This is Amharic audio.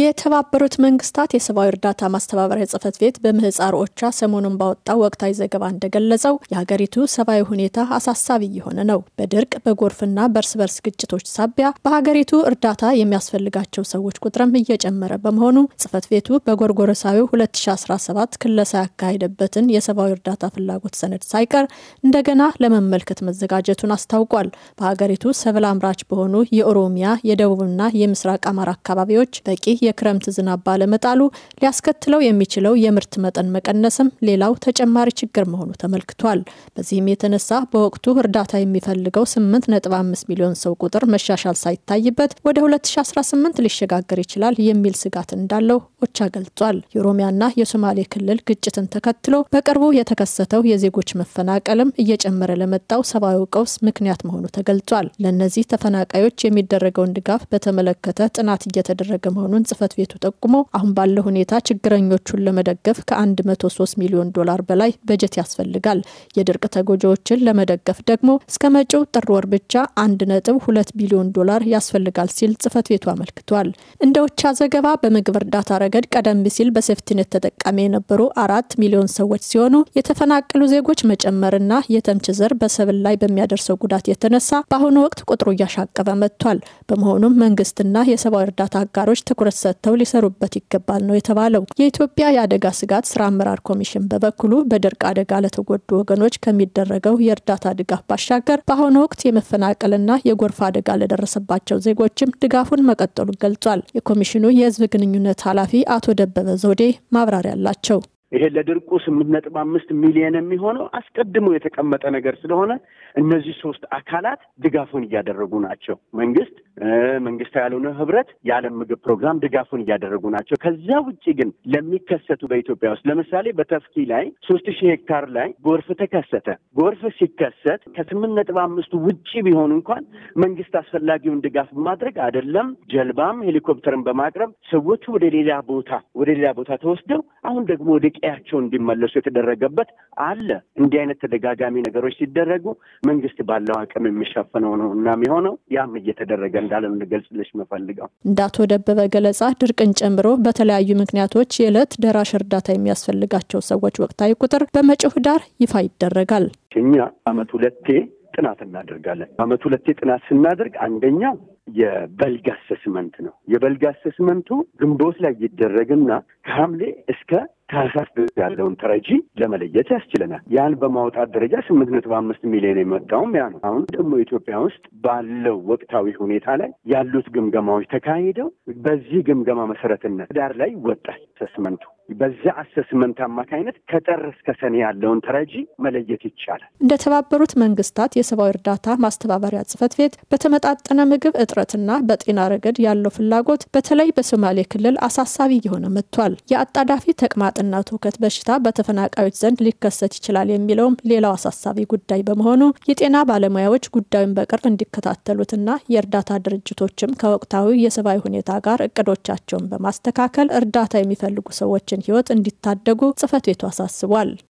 የተባበሩት መንግስታት የሰብአዊ እርዳታ ማስተባበሪያ ጽህፈት ቤት በምህፃር ኦቻ ሰሞኑን ባወጣው ወቅታዊ ዘገባ እንደገለጸው የሀገሪቱ ሰብአዊ ሁኔታ አሳሳቢ እየሆነ ነው። በድርቅ በጎርፍና በእርስ በርስ ግጭቶች ሳቢያ በሀገሪቱ እርዳታ የሚያስፈልጋቸው ሰዎች ቁጥርም እየጨመረ በመሆኑ ጽህፈት ቤቱ በጎርጎረሳዊ 2017 ክለሳ ያካሄደበትን የሰብአዊ እርዳታ ፍላጎት ሰነድ ሳይቀር እንደገና ለመመልከት መዘጋጀቱን አስታውቋል። በሀገሪቱ ሰብል አምራች በሆኑ የኦሮሚያ የደቡብና የምስራቅ አማራ አካባቢዎች በቂ የክረምት ዝናብ ባለመጣሉ ሊያስከትለው የሚችለው የምርት መጠን መቀነስም ሌላው ተጨማሪ ችግር መሆኑ ተመልክቷል። በዚህም የተነሳ በወቅቱ እርዳታ የሚፈልገው 8.5 ሚሊዮን ሰው ቁጥር መሻሻል ሳይታይበት ወደ 2018 ሊሸጋገር ይችላል የሚል ስጋት እንዳለው ኦቻ ገልጿል። የኦሮሚያና የሶማሌ ክልል ግጭትን ተከትሎ በቅርቡ የተከሰተው የዜጎች መፈናቀልም እየጨመረ ለመጣው ሰብአዊ ቀውስ ምክንያት መሆኑ ተገልጿል። ለእነዚህ ተፈናቃዮች የሚደረገውን ድጋፍ በተመለከተ ጥናት እየተደረገ መሆኑን ጽህፈት ቤቱ ጠቁሞ አሁን ባለው ሁኔታ ችግረኞቹን ለመደገፍ ከ103 ሚሊዮን ዶላር በላይ በጀት ያስፈልጋል። የድርቅ ተጎጂዎችን ለመደገፍ ደግሞ እስከ መጪው ጥር ወር ብቻ 1.2 ቢሊዮን ዶላር ያስፈልጋል ሲል ጽህፈት ቤቱ አመልክቷል። እንደ ኦቻ ዘገባ በምግብ እርዳታ ረገድ ቀደም ሲል በሴፍቲኔት ተጠቃሚ የነበሩ አራት ሚሊዮን ሰዎች ሲሆኑ የተፈናቀሉ ዜጎች መጨመርና የተምች ዘር በሰብል ላይ በሚያደርሰው ጉዳት የተነሳ በአሁኑ ወቅት ቁጥሩ እያሻቀበ መጥቷል። በመሆኑም መንግስትና የሰብአዊ እርዳታ አጋሮች ትኩረት ትኩረት ሰጥተው ሊሰሩበት ይገባል ነው የተባለው። የኢትዮጵያ የአደጋ ስጋት ስራ አመራር ኮሚሽን በበኩሉ በድርቅ አደጋ ለተጎዱ ወገኖች ከሚደረገው የእርዳታ ድጋፍ ባሻገር በአሁኑ ወቅት የመፈናቀልና የጎርፍ አደጋ ለደረሰባቸው ዜጎችም ድጋፉን መቀጠሉን ገልጿል። የኮሚሽኑ የህዝብ ግንኙነት ኃላፊ አቶ ደበበ ዘውዴ ማብራሪያ አላቸው። ይሄ ለድርቁ ስምንት ነጥብ አምስት ሚሊየን የሚሆነው አስቀድሞ የተቀመጠ ነገር ስለሆነ እነዚህ ሶስት አካላት ድጋፉን እያደረጉ ናቸው። መንግስት፣ መንግስታዊ ያልሆነ ህብረት፣ የዓለም ምግብ ፕሮግራም ድጋፉን እያደረጉ ናቸው። ከዚያ ውጭ ግን ለሚከሰቱ በኢትዮጵያ ውስጥ ለምሳሌ በተፍኪ ላይ ሶስት ሺህ ሄክታር ላይ ጎርፍ ተከሰተ። ጎርፍ ሲከሰት ከስምንት ነጥብ አምስቱ ውጭ ቢሆን እንኳን መንግስት አስፈላጊውን ድጋፍ በማድረግ አይደለም ጀልባም ሄሊኮፕተርን በማቅረብ ሰዎቹ ወደ ሌላ ቦታ ወደ ሌላ ቦታ ተወስደው አሁን ደግሞ ወደ ቀያቸው እንዲመለሱ የተደረገበት አለ። እንዲህ አይነት ተደጋጋሚ ነገሮች ሲደረጉ መንግስት ባለው አቅም የሚሸፍነው ነው እና የሚሆነው ያም እየተደረገ እንዳለ ነው ልገልጽልሽ የምፈልገው። እንደ አቶ ደበበ ገለጻ ድርቅን ጨምሮ በተለያዩ ምክንያቶች የዕለት ደራሽ እርዳታ የሚያስፈልጋቸው ሰዎች ወቅታዊ ቁጥር በመጪው ህዳር ይፋ ይደረጋል። እኛ አመት ሁለቴ ጥናት እናደርጋለን። አመት ሁለቴ ጥናት ስናደርግ አንደኛ የበልግ አሰስመንት ነው። የበልግ አሰስመንቱ ግንቦት ላይ ይደረግና ከሐምሌ እስከ ታህሳስ ያለውን ተረጂ ለመለየት ያስችለናል። ያን በማውጣት ደረጃ ስምንት ነጥብ አምስት ሚሊዮን የመጣውም ያ ነው። አሁን ደግሞ ኢትዮጵያ ውስጥ ባለው ወቅታዊ ሁኔታ ላይ ያሉት ግምገማዎች ተካሂደው በዚህ ግምገማ መሰረትነት ዳር ላይ ይወጣል አሰስመንቱ። በዚያ አሰስመንት አማካይነት ከጥር እስከ ሰኔ ያለውን ተረጂ መለየት ይቻላል። እንደተባበሩት መንግስታት የሰብአዊ እርዳታ ማስተባበሪያ ጽህፈት ቤት በተመጣጠነ ምግብ እጥረትና በጤና ረገድ ያለው ፍላጎት በተለይ በሶማሌ ክልል አሳሳቢ እየሆነ መጥቷል። የአጣዳፊ ተቅማጥና ትውከት በሽታ በተፈናቃዮች ዘንድ ሊከሰት ይችላል የሚለውም ሌላው አሳሳቢ ጉዳይ በመሆኑ የጤና ባለሙያዎች ጉዳዩን በቅርብ እንዲከታተሉትና የእርዳታ ድርጅቶችም ከወቅታዊ የሰብአዊ ሁኔታ ጋር እቅዶቻቸውን በማስተካከል እርዳታ የሚፈልጉ ሰዎች ህይወት እንዲታደጉ ጽህፈት ቤቱ አሳስቧል።